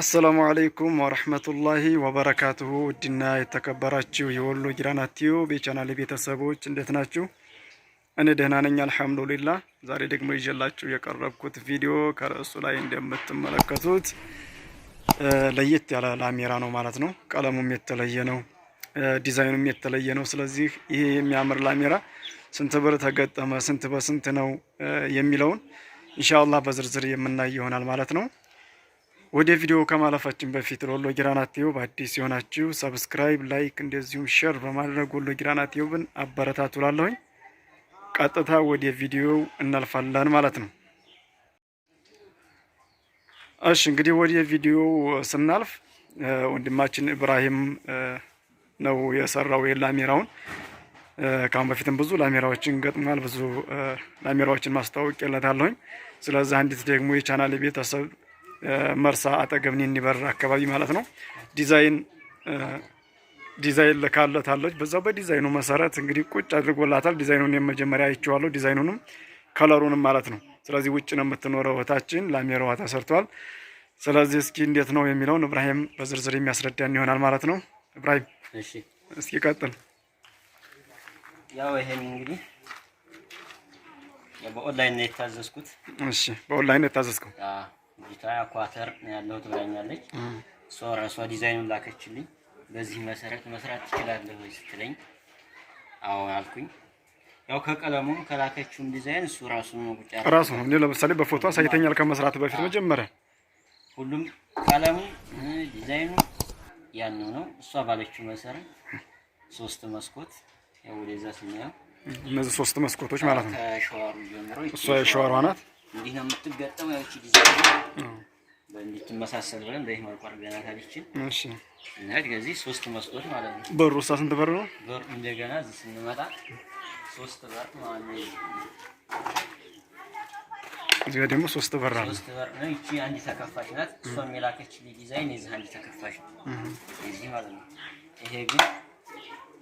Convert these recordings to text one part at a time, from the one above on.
አሰላሙ አለይኩም ወረህመቱላሂ ወበረካቱሁ ውድና የተከበራችሁ የወሎ ጊራና ቲዩብ የቻናል ቤተሰቦች እንዴት ናችሁ? እኔ ደህና ነኝ አልሐምዱሊላ። ዛሬ ደግሞ ይዤላችሁ የቀረብኩት ቪዲዮ ከርዕሱ ላይ እንደምትመለከቱት ለየት ያለ ላሜራ ነው ማለት ነው። ቀለሙም የተለየ ነው፣ ዲዛይኑም የተለየ ነው። ስለዚህ ይሄ የሚያምር ላሜራ ስንት ብር ተገጠመ፣ ስንት በስንት ነው የሚለውን ኢንሻአላህ በዝርዝር የምናይ ይሆናል ማለት ነው። ወደ ቪዲዮ ከማለፋችን በፊት ለወሎ ጊራና ቲዩብ አዲስ የሆናችሁ ሰብስክራይብ፣ ላይክ እንደዚሁም ሼር በማድረግ ወሎ ጊራና ቲዩብን አበረታቱላለሁኝ። ቀጥታ ወደ ቪዲዮው እናልፋለን ማለት ነው። እሺ እንግዲህ ወደ ቪዲዮው ስናልፍ ወንድማችን ኢብራሂም ነው የሰራው የላሜራውን። ከአሁን በፊትም ብዙ ላሜራዎችን ገጥሟል። ብዙ ላሜራዎችን ማስተዋወቅ የለታለሁኝ። ስለዚህ አንዲት ደግሞ የቻናል ቤተሰብ መርሳ አጠገብ ኒኒበር አካባቢ ማለት ነው። ዲዛይን ዲዛይን ልካለታለች። በዛው በዲዛይኑ መሰረት እንግዲህ ቁጭ አድርጎላታል። ዲዛይኑን የመጀመሪያ አይቼዋለሁ። ዲዛይኑንም ከለሩንም ማለት ነው። ስለዚህ ውጭ ነው የምትኖረው እህታችን። ላሜር ተሰርተዋል። ተሰርቷል። ስለዚህ እስኪ እንዴት ነው የሚለውን እብራሂም በዝርዝር የሚያስረዳን ይሆናል ማለት ነው። እብራሂም እስኪ ቀጥል። ያው ይሄን እንግዲህ በኦንላይን ነው የታዘዝኩት። እሺ፣ በኦንላይን ነው የታዘዝከው? ልጅቷ ኳተር ያለው ትብላኛለች። እሷ ራሷ ዲዛይኑን ላከችልኝ። በዚህ መሰረት መስራት ትችላለህ ወይ ስትለኝ አዎ አልኩኝ። ያው ከቀለሙም ከላከችውም ዲዛይን እሱ ራሱ ነው ቁጫ ራሱ ነው። ለምሳሌ በፎቶ አሳይተኛል ከመስራት በፊት መጀመሪያ ሁሉም ቀለሙ ዲዛይኑ ያን ነው። እሷ ባለችው መሰረት ሶስት መስኮት ያው ወደዛ ስናየው እነዚህ ሶስት መስኮቶች ማለት ነው። ጀምሮ እሷ የሸዋሯ ናት። እንዲህ ነው የምትገጠመው። ያቺ ጊዜ እንድትመሳሰል ብለን በዚህ መልኩ አድርገናት አለችን። እሺ እና ከዚህ ሶስት መስኮት ማለት ነው። በሩ ውስጥ ስንት በር ነው? በሩ እንደገና እዚህ ስንመጣ ሶስት በር ማለት ነው። እዚህ ደግሞ ሶስት በር አለ። ሶስት በር ነው። እቺ አንድ ተከፋሽ ናት። እሷ የሚላከች ዲዛይን የዚህ አንድ ተከፋሽ እዚህ ማለት ነው። ይሄ ግን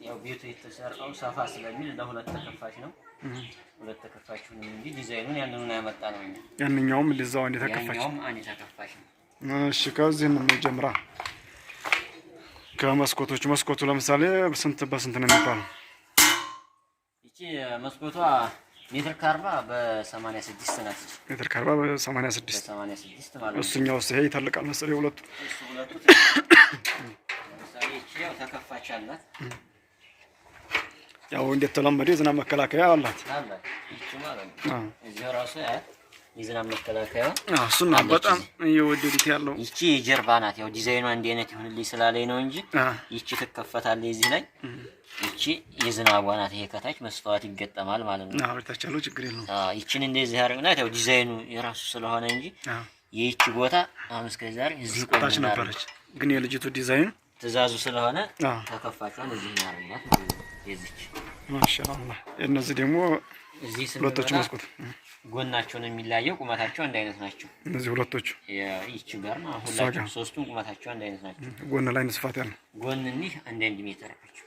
ያው ቤቱ የተሰራው ሰፋ ስለሚል ለሁለት ተከፋሽ ነው። ሁለት ተከፋችሁን እንጂ ዲዛይኑን ያንኑን ያመጣ ነው። ያንኛውም ሊዛው አንድ ተከፋች ነው። እሺ ከዚህ ነው ጀምራ ከመስኮቶቹ መስኮቱ ለምሳሌ ስንት በስንት ነው የሚባለው? ይቺ መስኮቷ ሜትር ካርባ በሰማንያ ስድስት ናት። ሜትር ከአርባ በሰማንያ ስድስት ማለት ነው። እሱኛው ውስጥ ይሄ ይተልቃል መሰለኝ ሁለቱ ሁለቱ ተከፋች አላት ያው እንደተለመደው የዝናብ መከላከያ አላት። የዝናብ መከላከያ እሱና በጣም እየወደዱት ያለው ይቺ የጀርባ ናት። ያው ዲዛይኗ እንዲህ አይነት ይሁንልኝ ስላለኝ ነው እንጂ ይቺ ትከፈታለች እዚህ ላይ። ይቺ የዝናቧ ናት። ይሄ ከታች መስተዋት ይገጠማል ማለት ነው። አዎ ታች ያለው ችግር የለውም። አዎ ይቺን እንደዚህ ያደረግናት ያው ዲዛይኑ የራሱ ስለሆነ እንጂ የይቺ ቦታ አሁን እስከ ዛሬ እዚህ ቆይታ ነበረች፣ ግን የልጅቱ ዲዛይን ትእዛዙ ስለሆነ ተከፋቿን እዚህ ያደረግናት ማለት ነው። የዚች ማሻአላ። እነዚህ ደግሞ ሁለቶቹ መስኮት ጎናቸውን የሚለያየው ቁመታቸው አንድ አይነት ናቸው። እነዚህ ሁለቶቹ ይቺ ጋር ነው ሁላቸው ሶስቱም ቁመታቸው አንድ አይነት ናቸው። ጎን ላይ ስፋት ያለው ጎን እኒህ አንድ አንድ ሜትር ናቸው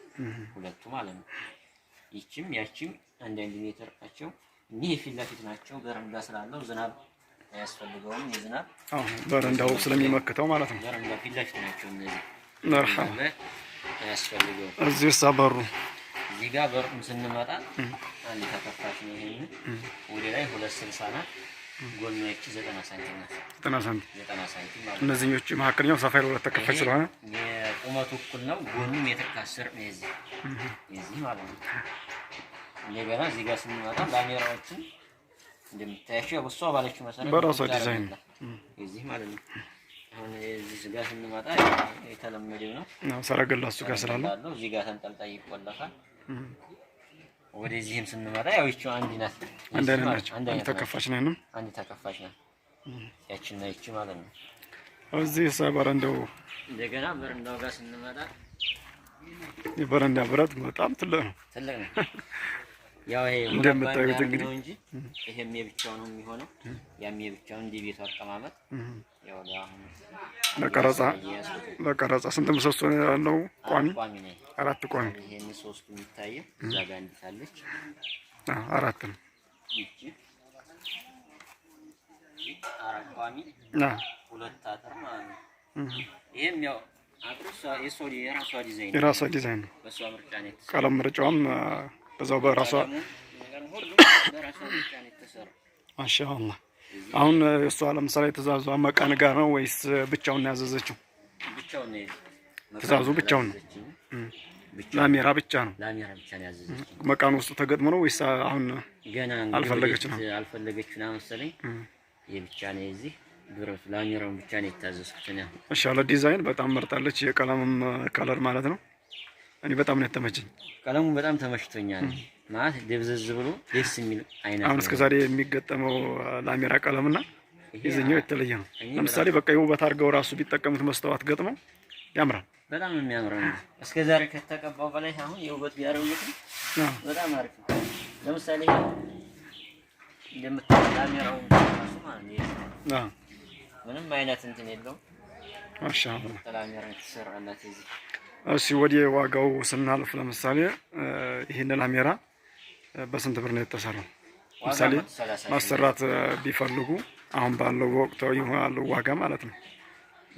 ሁለቱ ማለት ነው። ይቺም ያቺም አንድ አንድ ሜትር ናቸው። እኒህ የፊት ለፊት ናቸው። በረንዳ ስላለው ዝናብ አያስፈልገውም። የዝናብ በረንዳው ስለሚመክተው ማለት ነው። በረንዳ ፊት ለፊት ናቸው እነዚህ መርሐባ አያስፈልገውም። እዚህ ሳበሩ እዚህ ጋር በርቁም ስንመጣ አንድ ተከፋች ነው። ይሄን ወደ ላይ ሁለት ስልሳ ናት። ጎኖች ዘጠና ሳንቲም ናት። ዘጠና ሳንቲም ዘጠና ሳንቲም ማለት እነዚህኞች መካከለኛው ሰፋ ያለ ሁለት ተከፋች ስለሆነ የቁመቱ እኩል ነው። ጎኑም ሜትር ከአስር ነው የዚህ የዚህ ማለት ነው። እንደገና እዚህ ጋር ስንመጣ ላሜራዎችን እንደምታያቸው እሷ ባለችው መሰረት በራሷ ዲዛይን የዚህ ማለት ነው። አሁን እዚህ ጋር ስንመጣ የተለመደው ነው። ሰረገላ እሱ ጋር ስላለ እዚህ ጋር ተንጠልጣይ ይቆለፋል። ወደዚህም ስንመጣ ያው ይቺ አንድ ናት፣ አንድ ናት፣ አንድ ተከፋች ናት፣ አንድ ተከፋች ናት። ያቺ ነው ይቺ ማለት ነው። እዚህ በረንዳው እንደገና በረንዳው ጋር ስንመጣ የበረንዳ ብረት በጣም ትልቅ ነው፣ ትልቅ ነው። ያው ይሄ እንደምታዩት እንግዲህ እንጂ ይሄም የብቻው ነው የሚሆነው። ያም የብቻው እንደ ቤቱ አቀማመጥ ያው ለቀረጻ ለቀረጻ ስንት ምሰሶ ነው ያለው? ቋሚ አራት ቋሚ ይሄን ሶስቱ የሚታየው እዛ ጋር እንዲታለች አራት ነው አራት ቋሚ ሁለት አጥር ማለት ነው። ይሄም ያው አጥሩ የራሷ ዲዛይን ነው። ቀለም ምርጫዋም በዛው በራሷ ማሻአላህ። አሁን እሷ ለምሳሌ ትእዛዟ መቃን ጋር ነው ወይስ ብቻውን ያዘዘችው? ትእዛዙ ብቻውን ነው። ላሜራ ብቻ ነው። መቃን ውስጥ ተገጥሞ ነው ወይስ አሁን አልፈለገች ነው? አልፈለገች ነው መሰለኝ። የብቻ ነው እዚህ ብረቱ ላሜራውን ብቻ ነው የታዘዝኩት። እሺ፣ ዲዛይን በጣም መርጣለች። የቀለምም ከለር ማለት ነው እኔ በጣም ነው የተመቸኝ። ቀለሙ በጣም ተመችቶኛል ማለት ደብዘዝ ብሎ ደስ የሚል አይነት። አሁን እስከ ዛሬ የሚገጠመው ላሜራ ቀለምና ይዘኛው የተለየ ነው። ለምሳሌ በቃ የውበት አድርገው ራሱ ቢጠቀሙት መስተዋት ገጥመው ያምራል። በጣም ነው እስከ ዛሬ ከተቀባው በላይ አሁን የውበት ቢያደርጉት በጣም አሪፍ ነው። ለምሳሌ እንደምታየው ላሜራው ምንም አይነት እንትን የለውም። ማሻ ላሜራ የተሰራላት ዚህ እሺ ወደ ዋጋው ስናልፍ ለምሳሌ ይህንን አሜራ በስንት ብር ነው የተሰራው? ለምሳሌ ማሰራት ቢፈልጉ አሁን ባለው በወቅታዊ ያለው ዋጋ ማለት ነው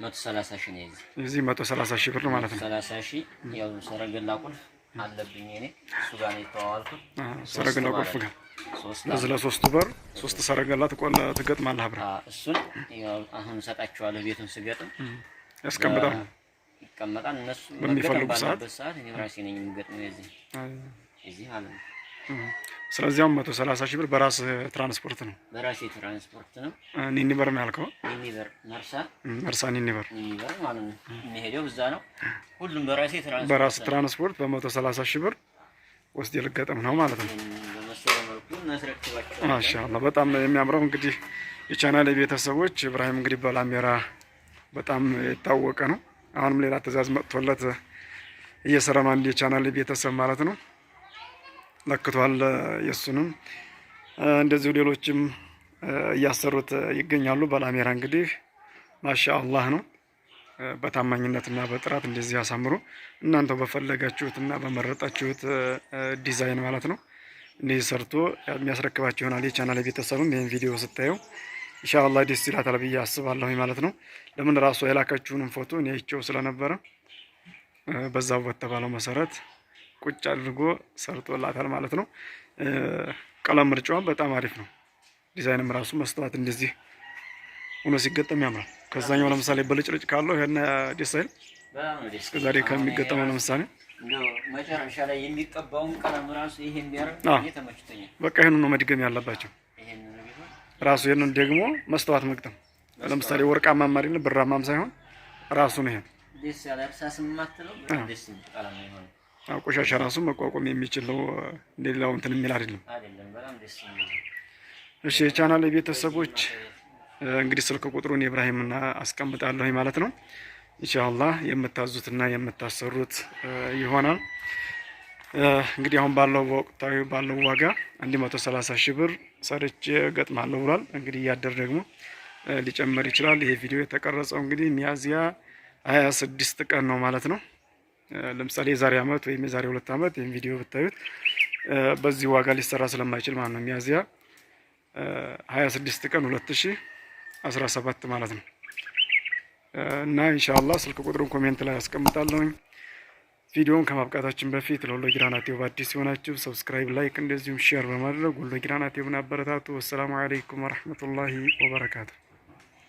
130 ሺህ ነው እዚህ መቶ ሰላሳ ሺህ ብር ማለት ነው። 30 ሺህ ያው ሰረገላ ቁልፍ አለብኝ እኔ እሱ ጋር ነው የተዋዋልኩት። ሰረገላ ቁልፍ ጋር ለዚህ ለሶስቱ በር ሶስት ሰረገላ ትቆለ ትገጥማለህ አብረህ። እሱን ያው አሁን እሰጣቸዋለሁ ቤቱን ስገጥም ያስቀምጣል ይቀመጣል። እነሱ በሚፈልጉ ሰዓት ሰዓት እኔ ራሴ ነኝ የሚገጥመው እዚህ ስለዚህ አሁን መቶ ሰላሳ ሺህ ብር በራስ ትራንስፖርት ነው በራሴ ትራንስፖርት ነው። ኒኒበር ነው ያልከው? ኒኒበር መርሳ መርሳ ኒኒበር ኒኒበር ማለት ነው። የሚሄደው እዛ ነው። ሁሉም በራሴ ትራንስፖርት በራስ ትራንስፖርት በመቶ ሰላሳ ሺህ ብር ወስድ ነው ማለት ነው። ማሻአላህ በጣም የሚያምረው እንግዲህ የቻናል ቤተሰቦች፣ ኢብራሂም እንግዲህ በላሜራ በጣም የታወቀ ነው። አሁንም ሌላ ትእዛዝ መጥቶለት እየሰራ ነው። አንድ የቻናል ቤተሰብ ማለት ነው ለክቷል። የእሱንም እንደዚሁ ሌሎችም እያሰሩት ይገኛሉ። ባላሜራ እንግዲህ ማሻ አላህ ነው። በታማኝነትና በጥራት እንደዚህ ያሳምሩ። እናንተው በፈለጋችሁትና በመረጣችሁት ዲዛይን ማለት ነው እንደዚህ ሰርቶ የሚያስረክባችሁ ይሆናል። የቻናል ቤተሰብም ይህን ቪዲዮ ስታየው ኢንሻአላህ ደስ ይላታል ብዬ አስባለሁ ማለት ነው። ለምን ራሷ የላከችውንም ፎቶ እኔ አይቼው ስለነበረ በዛው በተባለው መሰረት ቁጭ አድርጎ ሰርቶላታል ማለት ነው። ቀለም ምርጫዋን በጣም አሪፍ ነው። ዲዛይንም ራሱ መስተዋት እንደዚህ ሆኖ ሲገጠም ያምራል። ከዛኛው ለምሳሌ በልጭልጭ ካለው ይሄን ደስ አይል እስከ ከሚገጠመው ለምሳሌ መጨረሻ ላይ የሚቀባውን ቀለም ራሱ ይሄ የሚያደርግ በቃ ይሄን ነው መድገም ያለባቸው። ራሱ ይህንን ደግሞ መስተዋት መግጠም ለምሳሌ ወርቃማ ማሪን ብራማም ሳይሆን ራሱ ነው። ይሄን ቆሻሻ ራሱ መቋቋም የሚችል ነው። እንደሌላው እንትን የሚል አይደለም። እሺ የቻናል ቤተሰቦች እንግዲህ ስልክ ቁጥሩን ኢብራሂምና አስቀምጣለሁ ማለት ነው። ኢንሻአላህ የምታዙትና የምታሰሩት ይሆናል። እንግዲህ አሁን ባለው ወቅታዊ ባለው ዋጋ 130 ሺህ ብር ሰርቼ ገጥማለሁ ብሏል። እንግዲህ እያደር ደግሞ ሊጨመር ይችላል። ይሄ ቪዲዮ የተቀረጸው እንግዲህ ሚያዝያ 26 ቀን ነው ማለት ነው። ለምሳሌ የዛሬ ዓመት ወይም የዛሬ ሁለት ዓመት ይህን ቪዲዮ ብታዩት በዚህ ዋጋ ሊሰራ ስለማይችል ማለት ነው። ሚያዝያ 26 ቀን 2017 ማለት ነው። እና ኢንሻአላህ ስልክ ቁጥሩን ኮሜንት ላይ አስቀምጣለሁኝ። ቪዲዮውን ከማብቃታችን በፊት ለወሎ ጊራና ቲዩብ አዲስ የሆናችሁ ሰብስክራይብ፣ ላይክ እንደዚሁም ሼር በማድረግ ወሎ ጊራና ቲዩብን አበረታቱ። ወሰላሙ አለይኩም ወረህመቱላሂ ወበረካቱ።